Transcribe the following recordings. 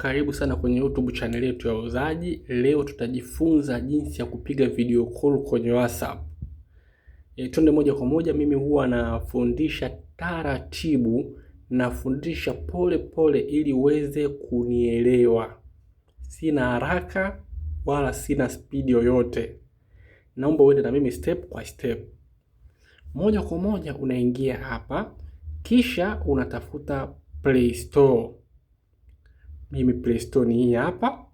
Karibu sana kwenye YouTube channel yetu ya Wauzaji. Leo tutajifunza jinsi ya kupiga video call kwenye WhatsApp. E, twende moja kwa moja. Mimi huwa nafundisha taratibu, nafundisha pole pole ili uweze kunielewa. Sina haraka wala sina spidi yoyote, naomba uende na mimi step kwa step. Moja kwa moja unaingia hapa, kisha unatafuta Play Store mimi Play Store ni hii hapa.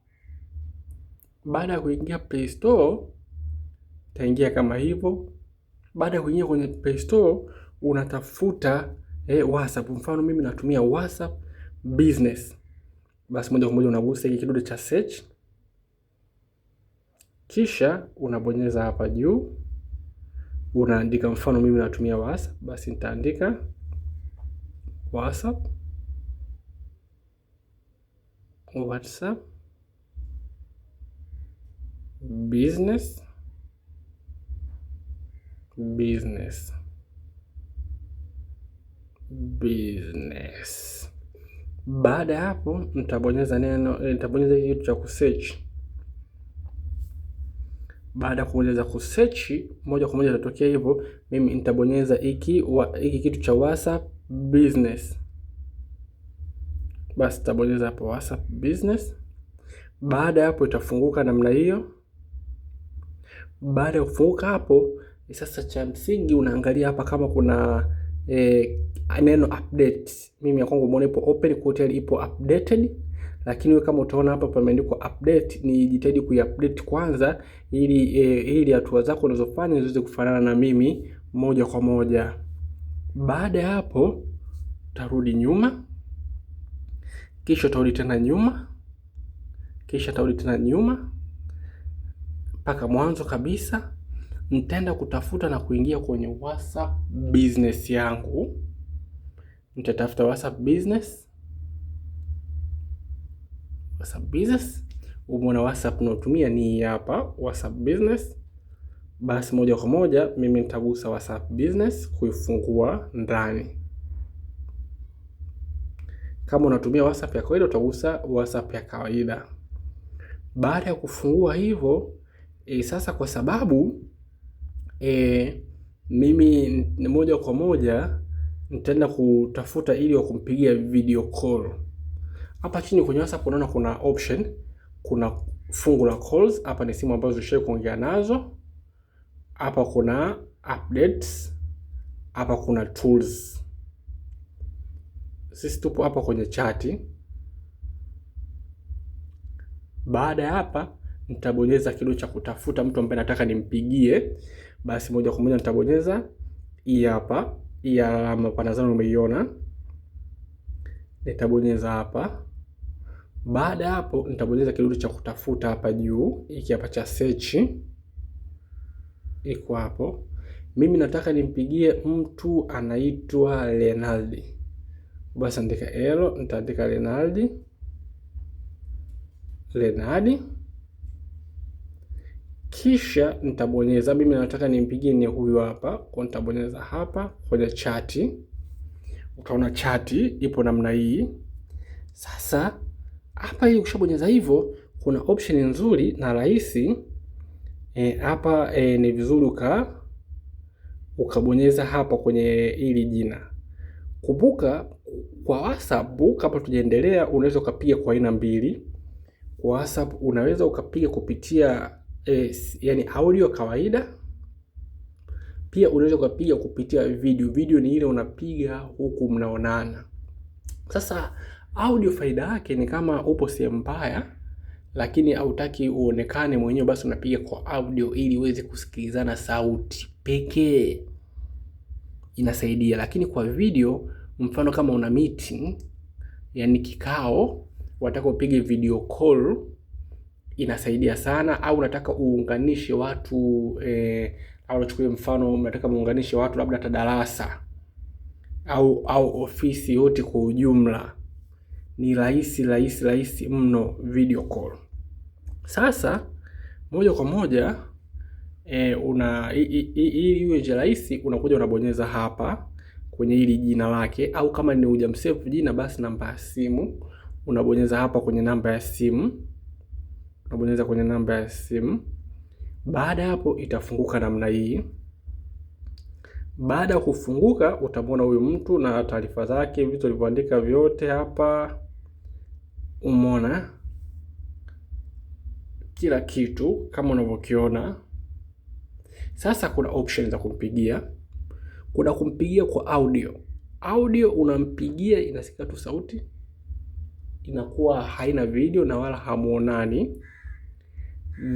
Baada ya kuingia Play Store taingia kama hivyo. Baada ya kuingia kwenye Play Store unatafuta eh, WhatsApp. Mfano mimi natumia WhatsApp Business, basi moja kwa moja unagusa hiki kidude cha search, kisha unabonyeza hapa juu, unaandika. Mfano mimi natumia WhatsApp, basi nitaandika WhatsApp WhatsApp business business business. Baada ya hapo, nitabonyeza neno, nitabonyeza kitu cha kusearch. Baada ya kubonyeza kusearch, moja kwa moja itatokea hivyo. Mimi nitabonyeza hiki hiki kitu cha WhatsApp business basi tabonyeza hapo WhatsApp Business. Baada ya hapo itafunguka namna hiyo. Baada ya kufunguka hapo, sasa cha msingi unaangalia hapa kama kuna eh, neno update. Mimi ya kwangu umeona ipo open, quote ipo updated, lakini wewe kama utaona hapa pameandikwa update, ni jitahidi kuiupdate kwanza, ili eh, ili hatua zako unazofanya ziweze kufanana na mimi moja kwa moja. Baada ya hapo tarudi nyuma kisha utarudi tena nyuma, kisha utarudi tena nyuma mpaka mwanzo kabisa. Nitaenda kutafuta na kuingia kwenye WhatsApp business yangu, nitatafuta WhatsApp business, WhatsApp business. Umeona WhatsApp unaotumia ni hapa WhatsApp business. Basi moja kwa moja mimi nitagusa WhatsApp business kuifungua ndani. Kama unatumia WhatsApp ya kawaida utagusa WhatsApp ya kawaida. Baada ya kufungua hivyo e, eh, sasa kwa sababu e, mimi moja kwa moja nitaenda kutafuta ili wa kumpigia video call. Hapa chini kwenye WhatsApp unaona kuna option, kuna fungu la calls. Hapa ni simu ambazo zishai kuongea nazo. Hapa kuna updates, hapa kuna tools sisi tupo hapa kwenye chati. Baada ya hapa, nitabonyeza kidole cha kutafuta mtu ambaye nataka nimpigie, basi moja kwa moja nitabonyeza hii hapa, hii alama panazano, umeiona. Nitabonyeza hapa. Baada ya hapo, nitabonyeza kidude cha kutafuta hapa juu, hiki hapa cha search, iko hapo. Mimi nataka nimpigie mtu anaitwa Leonardi basi andika elo, nitaandika Renaldi, Renadi, kisha nitabonyeza. Mimi nataka nimpigie ni huyu hapa, kwa nitabonyeza hapa kwenye chati, utaona chati ipo namna hii. Sasa hapa hii ukishabonyeza hivyo, kuna option nzuri na rahisi e, hapa e, e, ni vizuri uka ukabonyeza hapa kwenye hili jina. Kumbuka kwa WhatsApp kama tujaendelea, unaweza ukapiga kwa aina mbili. Kwa WhatsApp unaweza ukapiga kupitia eh, yani audio kawaida, pia unaweza ukapiga kupitia video. Video ni ile unapiga huku mnaonana. Sasa audio faida yake ni kama upo sehemu mbaya lakini hautaki uonekane mwenyewe, basi unapiga kwa audio ili uweze kusikilizana sauti pekee, inasaidia. Lakini kwa video Mfano kama una meeting, yani kikao, unataka upige video call, inasaidia sana. Au unataka uunganishe watu e, au nachukue mfano, unataka muunganishe watu labda hata darasa au au ofisi yote kwa ujumla, ni rahisi rahisi rahisi mno video call. Sasa moja kwa moja eh, una hii iwe rahisi, unakuja unabonyeza hapa kwenye hili jina lake, au kama ni hujamsave jina, basi namba ya simu unabonyeza hapa kwenye namba ya simu, unabonyeza kwenye namba ya simu. Baada ya hapo itafunguka namna hii. Baada ya kufunguka, utamwona huyu mtu na taarifa zake, vitu alivyoandika vyote hapa, umona kila kitu kama unavyokiona. Sasa kuna option za kumpigia kuna kumpigia kwa audio. Audio unampigia inasikika tu sauti, inakuwa haina video na wala hamuonani.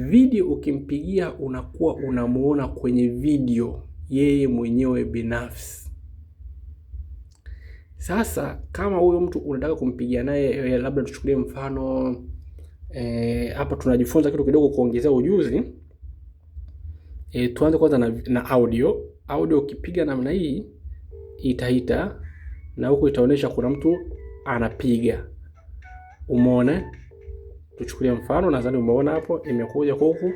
Video ukimpigia unakuwa unamuona kwenye video yeye mwenyewe binafsi. Sasa kama huyo mtu unataka kumpigia naye, eh, labda tuchukulie mfano eh, hapa e, tunajifunza kitu kidogo kuongezea ujuzi e, tuanze kwanza na, na audio audio ukipiga namna hii itahita na huku itaonyesha kuna mtu anapiga. Umeona? Tuchukulie mfano, nadhani umeona hapo, imekuja huku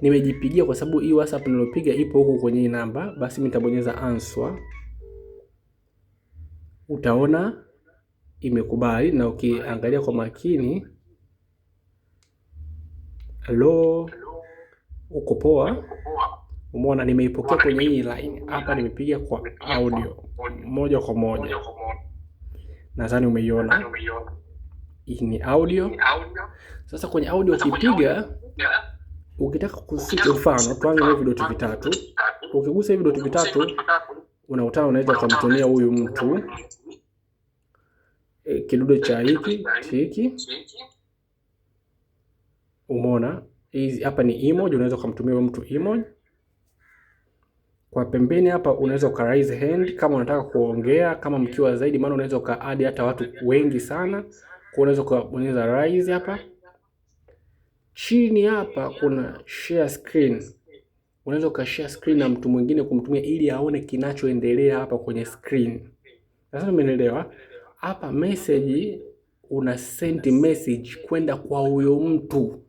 nimejipigia kwa sababu hii WhatsApp nilopiga ipo huku kwenye namba, basi mimi nitabonyeza answer. Utaona imekubali, na ukiangalia kwa makini, Hello. uko poa? Umeona, nimeipokea kwenye hii line hapa, nimepiga kwa audio moja kwa moja, nadhani umeiona. Hii ni audio. Sasa kwenye audio ukipiga, ukitaka kufika, mfano tuanze na vidoti vitatu. Ukigusa hivi vidoti vitatu, unautana, unaweza ukamtumia huyu mtu e, kidude cha hiki hiki. Umeona, hizi hapa ni emoji, unaweza ukamtumia huyu mtu emoji kwa pembeni hapa unaweza uka raise hand kama unataka kuongea kama mkiwa zaidi, maana unaweza uka add hata watu wengi sana. Kwa unaweza kubonyeza raise hapa. Chini hapa kuna share screen. Unaweza uka share screen na mtu mwingine kumtumia ili aone kinachoendelea hapa kwenye screen. Sasa umeelewa? Hapa message una send message kwenda kwa huyo mtu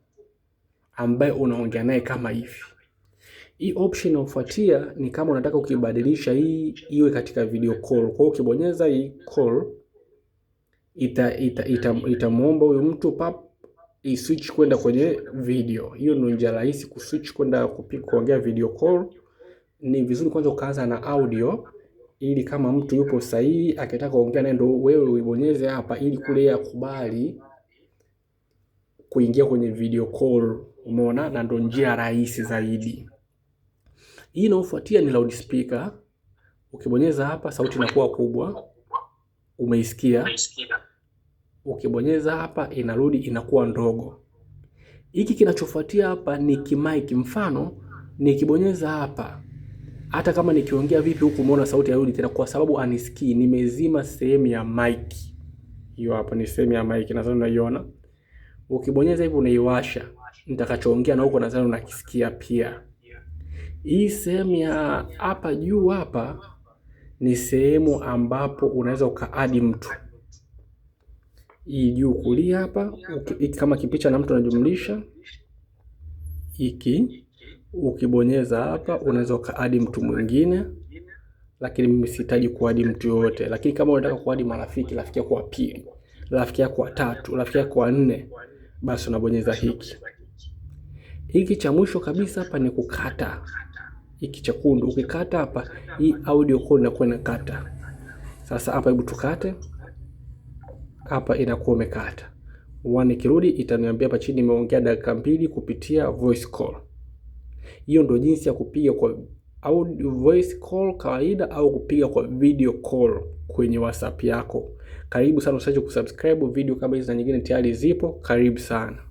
ambaye unaongea naye kama hivi. Hii option inayofuatia ni kama unataka ukibadilisha hii iwe katika video call. Kwa hiyo ukibonyeza hii call ita itamuomba ita, ita huyu mtu pap i switch kwenda kwenye video. Hiyo ndio njia rahisi switch kwenda kuongea video call. Ni vizuri kwanza ukaanza na audio ili kama mtu yupo sahihi akitaka kuongea naye ndio wewe uibonyeze hapa ili kule akubali kuingia kwenye video call. Umeona, na ndio njia rahisi zaidi. Hii inayofuatia ni loudspeaker. Ukibonyeza hapa sauti inakuwa kubwa, umeisikia. Ukibonyeza hapa inarudi inakuwa ndogo. Hiki kinachofuatia hapa ni kimic. Mfano nikibonyeza hapa, hata kama nikiongea vipi huku, umeona sauti yarudi tena, kwa sababu anisikii. Nimezima sehemu ya mic hiyo. Hapa ni sehemu ya mic, nadhani unaiona. Ukibonyeza hivi unaiwasha, nitakachoongea na huko nadhani unakisikia pia. Hii sehemu ya hapa juu hapa ni sehemu ambapo unaweza ukaadi mtu hii juu kulia hapa, kama kipicha na mtu anajumlisha hiki, ukibonyeza hapa unaweza ukaadi mtu mwingine, lakini mimi sihitaji kuadi mtu yoyote. Lakini kama unataka kuadi marafiki, rafiki yako wa pili, rafiki yako wa tatu, rafiki yako wa nne, basi unabonyeza hiki. Hiki cha mwisho kabisa hapa ni kukata hiki chekundu. Ukikata hapa, hii audio call inakuwa inakata. Sasa hapa, hebu tukate hapa, inakuwa umekata. Nikirudi itaniambia hapa chini nimeongea dakika mbili kupitia voice call. Hiyo ndio jinsi ya kupiga kwa audio voice call kawaida au kupiga kwa video call kwenye WhatsApp yako. Karibu sana, usiache kusubscribe. Video kama hizi na nyingine tayari zipo. Karibu sana.